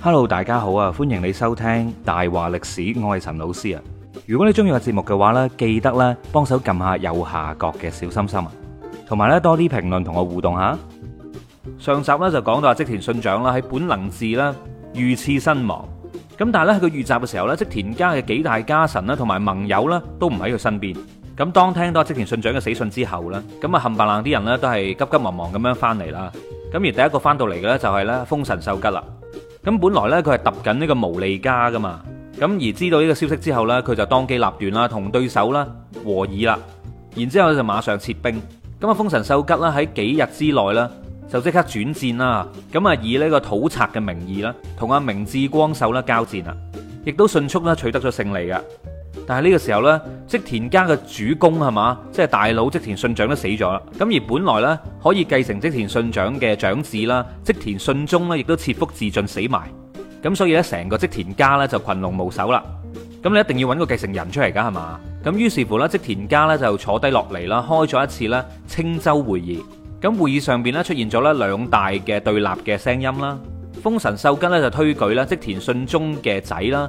Hello，大家好啊！歡迎你收聽大話歷史，我係陳老師啊。如果你中意個節目嘅話呢，記得呢幫手撳下右下角嘅小心心啊，同埋呢多啲評論同我互動下。上集呢就講到阿織田信長啦，喺本能寺啦遇刺身亡。咁但係咧佢遇襲嘅時候呢，織田家嘅幾大家臣啦，同埋盟友呢都唔喺佢身邊。咁當聽到阿織田信長嘅死訊之後呢，咁啊冚白冷啲人呢都係急急忙忙咁樣翻嚟啦。咁而第一個翻到嚟嘅呢，就係呢豐臣秀吉啦。咁本來呢，佢係揼緊呢個毛利家噶嘛，咁而知道呢個消息之後呢，佢就當機立斷啦，同對手啦和議啦，然之後就馬上撤兵。咁啊，豐臣秀吉啦喺幾日之內呢，就即刻轉戰啦，咁啊以呢個土賊嘅名義啦，同阿明智光秀咧交戰啦，亦都迅速咧取得咗勝利噶。但係呢個時候呢織田家嘅主公係嘛，即係大佬織田信長都死咗啦。咁而本來呢，可以繼承織田信長嘅長子啦，織田信忠呢，亦都切腹自盡死埋。咁所以呢，成個織田家呢，就群龍無首啦。咁你一定要搵個繼承人出嚟噶係嘛。咁於是乎呢，織田家呢，就坐低落嚟啦，開咗一次咧清洲會議。咁會議上邊呢，出現咗呢兩大嘅對立嘅聲音啦。豐臣秀吉呢，就推舉咧織田信忠嘅仔啦。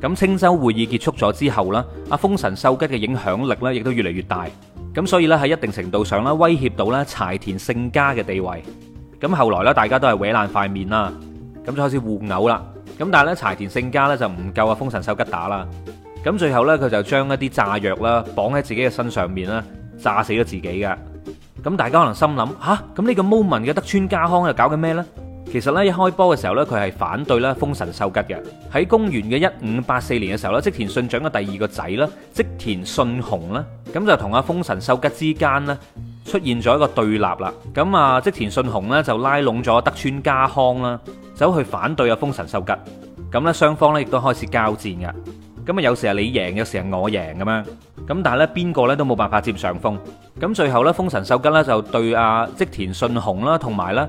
咁清州會議結束咗之後啦，阿豐臣秀吉嘅影響力咧，亦都越嚟越大。咁所以咧喺一定程度上咧，威脅到咧柴田勝家嘅地位。咁後來咧，大家都係毀爛塊面啦。咁就開始互毆啦。咁但係咧，柴田勝家咧就唔夠阿豐臣秀吉打啦。咁最後咧，佢就將一啲炸藥啦，綁喺自己嘅身上面啦，炸死咗自己嘅。咁大家可能心諗吓，咁呢個 moment 嘅德川家康又搞緊咩咧？其實咧一開波嘅時候咧，佢係反對啦豐臣秀吉嘅。喺公元嘅一五八四年嘅時候咧，織田信長嘅第二個仔啦，織田信雄啦，咁就同阿豐臣秀吉之間咧出現咗一個對立啦。咁啊，織田信雄咧就拉攏咗德川家康啦，走去反對阿豐臣秀吉。咁咧雙方咧亦都開始交戰嘅。咁啊有時係你贏，有時係我贏咁樣。咁但係咧邊個咧都冇辦法占上風。咁最後咧豐臣秀吉咧就對阿織田信雄啦同埋啦。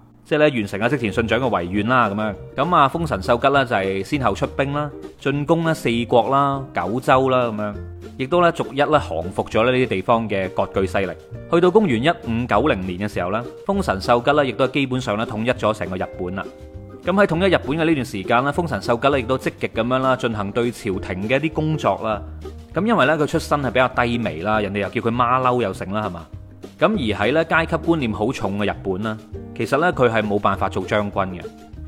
即係咧完成阿織田信長嘅遺願啦，咁樣咁啊，豐臣秀吉啦就係先後出兵啦，進攻咧四國啦、九州啦咁樣，亦都咧逐一咧降服咗咧呢啲地方嘅割據勢力。去到公元一五九零年嘅時候咧，豐臣秀吉咧亦都基本上咧統一咗成個日本啦。咁喺統一日本嘅呢段時間咧，豐臣秀吉咧亦都積極咁樣啦進行對朝廷嘅一啲工作啦。咁因為咧佢出身係比較低微啦，人哋又叫佢馬騮又成啦，係嘛？咁而喺咧階級觀念好重嘅日本啦，其實咧佢係冇辦法做將軍嘅。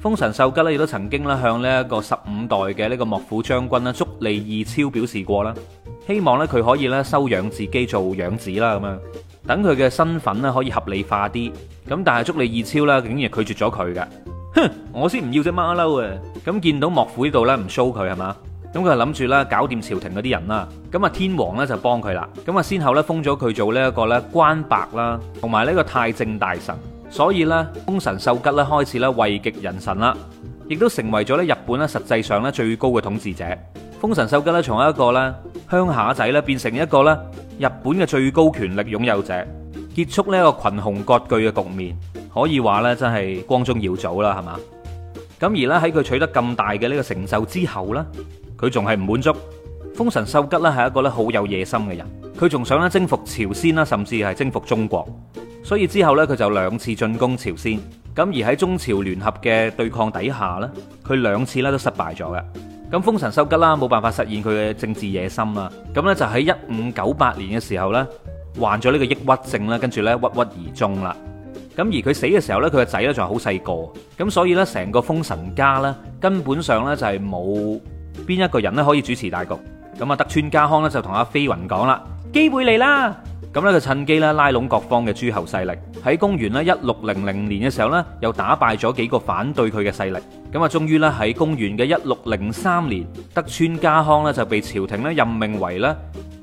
豐臣秀吉咧亦都曾經咧向呢一個十五代嘅呢個幕府將軍咧足利義昭表示過啦，希望咧佢可以咧收養自己做養子啦咁樣，等佢嘅身份咧可以合理化啲。咁但係足利義昭啦，竟然拒絕咗佢嘅。哼，我先唔要隻馬騮啊！咁見到幕府呢度咧唔 show 佢係嘛？咁佢就諗住啦，搞掂朝廷嗰啲人啦。咁啊，天王咧就幫佢啦。咁啊，先後咧封咗佢做呢一個咧關白啦，同埋呢個太政大臣。所以咧，豐臣秀吉咧開始咧位極人臣啦，亦都成為咗咧日本咧實際上咧最高嘅統治者。豐臣秀吉咧從一個咧鄉下仔咧變成一個咧日本嘅最高權力擁有者，結束呢一個群雄割據嘅局面。可以話咧真係光宗耀祖啦，係嘛？咁而咧喺佢取得咁大嘅呢個成就之後咧。佢仲係唔滿足，豐臣秀吉咧係一個咧好有野心嘅人，佢仲想咧征服朝鮮啦，甚至係征服中國。所以之後咧，佢就兩次進攻朝鮮，咁而喺中朝聯合嘅對抗底下咧，佢兩次咧都失敗咗嘅。咁豐臣秀吉啦，冇辦法實現佢嘅政治野心啦，咁咧就喺一五九八年嘅時候咧，患咗呢個抑鬱症啦，跟住咧鬱鬱而終啦。咁而佢死嘅時候咧，佢個仔咧仲係好細個，咁所以咧成個豐臣家咧根本上咧就係冇。邊一個人咧可以主持大局？咁啊，德川家康咧就同阿飛云講啦，機會嚟啦！咁咧就趁機啦拉攏各方嘅諸侯勢力。喺公元咧一六零零年嘅時候咧，又打敗咗幾個反對佢嘅勢力。咁啊，終於咧喺公元嘅一六零三年，德川家康咧就被朝廷咧任命為咧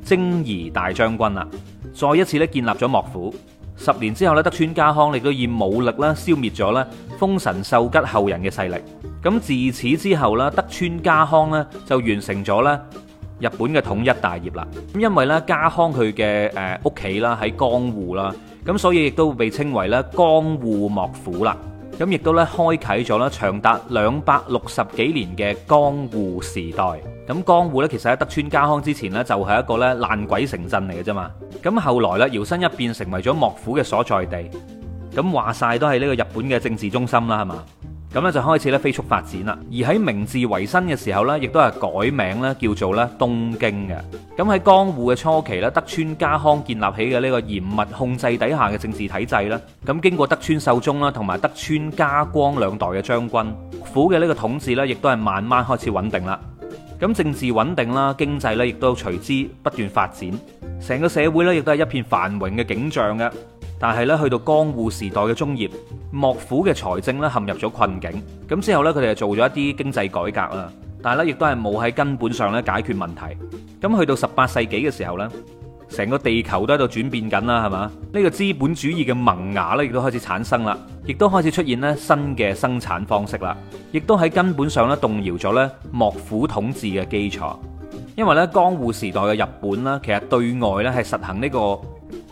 征夷大將軍啦，再一次咧建立咗幕府。十年之後咧，德川家康亦都以武力啦，消滅咗咧豐臣秀吉後人嘅勢力。咁自此之後咧，德川家康咧就完成咗咧日本嘅統一大業啦。咁因為咧家康佢嘅誒屋企啦喺江戶啦，咁所以亦都被稱為咧江戶幕府啦。咁亦都咧開啓咗咧長達兩百六十幾年嘅江戶時代。咁江戶咧，其實喺德川家康之前呢，就係一個咧爛鬼城鎮嚟嘅啫嘛。咁後來咧，搖身一變成為咗幕府嘅所在地。咁話晒都係呢個日本嘅政治中心啦，係嘛？咁咧就開始咧飛速發展啦。而喺明治維新嘅時候咧，亦都係改名咧叫做咧東京嘅。咁喺江戶嘅初期咧，德川家康建立起嘅呢個嚴密控制底下嘅政治體制咧，咁經過德川秀忠啦，同埋德川家光兩代嘅將軍府嘅呢個統治咧，亦都係慢慢開始穩定啦。咁政治穩定啦，經濟咧亦都隨之不斷發展，成個社會咧亦都係一片繁榮嘅景象嘅。但係咧，去到江戶時代嘅中葉，幕府嘅財政咧陷入咗困境。咁之後呢，佢哋又做咗一啲經濟改革啦，但係咧，亦都係冇喺根本上咧解決問題。咁去到十八世紀嘅時候呢。成個地球都喺度轉變緊啦，係嘛？呢個資本主義嘅萌芽咧，亦都開始產生啦，亦都開始出現咧新嘅生產方式啦，亦都喺根本上咧動搖咗咧幕府統治嘅基礎。因為咧江戶時代嘅日本啦，其實對外咧係實行呢個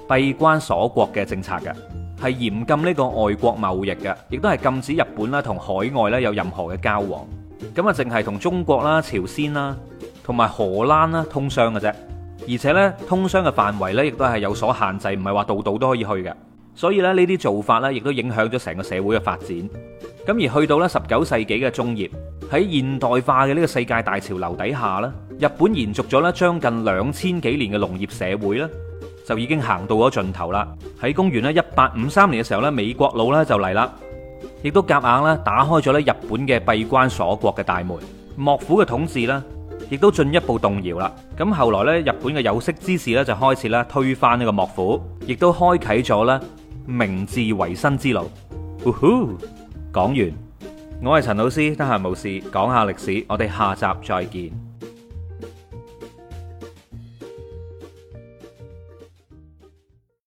閉關鎖國嘅政策嘅，係嚴禁呢個外國貿易嘅，亦都係禁止日本啦同海外咧有任何嘅交往。咁啊，淨係同中國啦、朝鮮啦、同埋荷蘭啦通商嘅啫。而且咧，通商嘅範圍咧，亦都係有所限制，唔係話度度都可以去嘅。所以咧，呢啲做法咧，亦都影響咗成個社會嘅發展。咁而去到咧十九世紀嘅中葉，喺現代化嘅呢個世界大潮流底下啦，日本延續咗咧將近兩千幾年嘅農業社會咧，就已經行到咗盡頭啦。喺公元咧一八五三年嘅時候咧，美國佬咧就嚟啦，亦都夾硬咧打開咗咧日本嘅閉關鎖國嘅大門，幕府嘅統治咧。亦都進一步動搖啦。咁後來呢，日本嘅有識之士呢，就開始咧推翻呢個幕府，亦都開啟咗咧明治維新之路。嗚呼，講完，我係陳老師，得閒無事講下歷史，我哋下集再見。